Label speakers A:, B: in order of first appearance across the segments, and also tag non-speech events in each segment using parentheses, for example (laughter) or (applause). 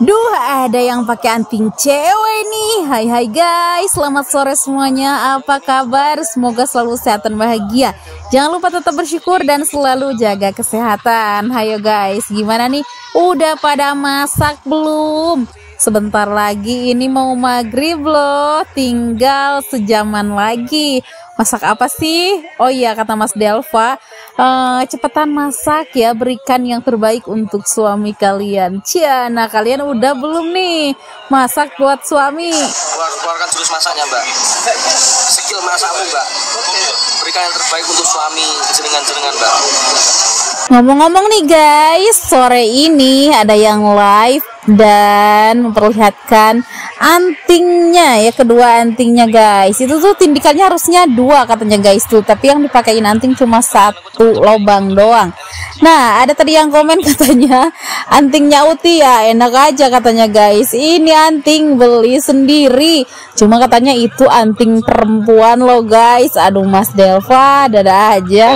A: Duh, ada yang pakai anting cewek nih. Hai hai guys, selamat sore semuanya. Apa kabar? Semoga selalu sehat dan bahagia. Jangan lupa tetap bersyukur dan selalu jaga kesehatan. Hayo guys, gimana nih? Udah pada masak belum? Sebentar lagi ini mau maghrib loh, tinggal sejaman lagi. Masak apa sih? Oh iya kata Mas Delva, e, cepetan masak ya, berikan yang terbaik untuk suami kalian. Cia, nah kalian udah belum nih masak buat suami? Keluar,
B: keluarkan jurus masaknya mbak, skill masakmu mbak. Berikan yang terbaik untuk suami, jenengan-jenengan mbak.
A: Ngomong-ngomong nih guys, sore ini ada yang live dan memperlihatkan antingnya ya kedua antingnya guys. Itu tuh tindikannya harusnya dua katanya guys tuh, tapi yang dipakein anting cuma satu lobang doang. Nah, ada tadi yang komen (laughs) katanya antingnya Uti ya enak aja katanya guys. Ini anting beli sendiri. Cuma katanya itu anting perempuan loh guys. Aduh Mas Delva, dada aja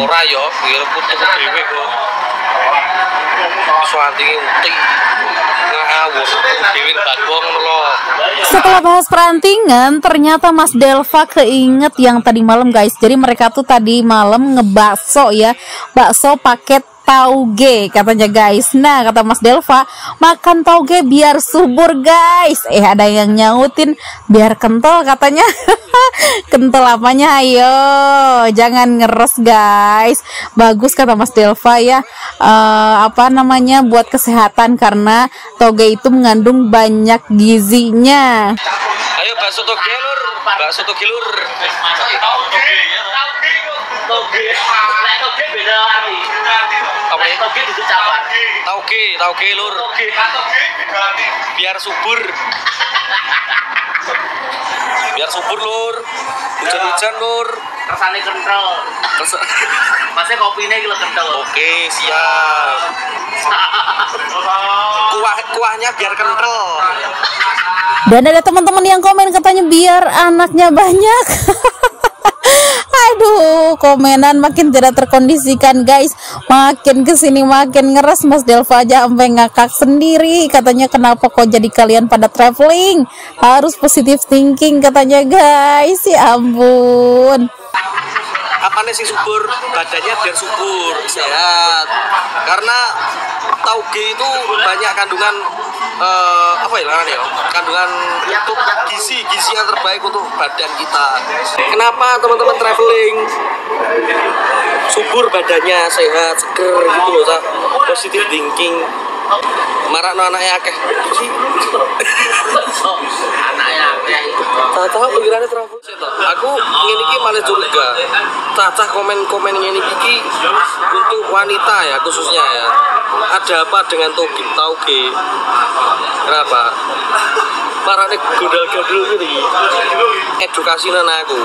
A: setelah bahas perantingan, ternyata Mas Delva keinget yang tadi malam guys. Jadi mereka tuh tadi malam ngebakso ya, bakso paket tauge katanya guys. Nah, kata Mas Delva, makan tauge biar subur guys. Eh, ada yang nyautin biar kental katanya. (laughs) kental apanya? Ayo, jangan ngeres guys. Bagus kata Mas Delva ya. Uh, apa namanya buat kesehatan karena tauge itu mengandung banyak gizinya.
B: Ayo bakso tauge lur, bakso tauge lur. Bakso Toge. Nek toge beda lari. Toge. Toge itu cabar. Toge, toge lur. Toge, toge beda lari. Biar subur. Biar subur lur. Hujan-hujan lur. Kesannya kental. Kesan. (laughs) Masih kopinya gila kental. Oke, siap. (laughs) Kuah
A: kuahnya biar kental. Dan ada teman-teman yang komen katanya biar anaknya banyak. (laughs) Aduh, komenan makin tidak terkondisikan guys. Makin kesini makin ngeres Mas Delva aja sampai ngakak sendiri. Katanya kenapa kok jadi kalian pada traveling? Harus positif thinking katanya guys. Ya ampun.
B: apa nih sih subur? Badannya biar subur, sehat. Karena tauge itu banyak kandungan uh, apa ya kan ya kandungan untuk gizi gizi yang terbaik untuk badan kita kenapa teman-teman traveling subur badannya sehat seger gitu loh sa positive thinking marah no anaknya akeh (laughs) anaknya akeh tahu pikirannya travel Gitu aku ini malah juga cacah komen-komen ini iki untuk wanita ya khususnya ya ada apa dengan toge tauge kenapa marane godal-godal ini edukasi aku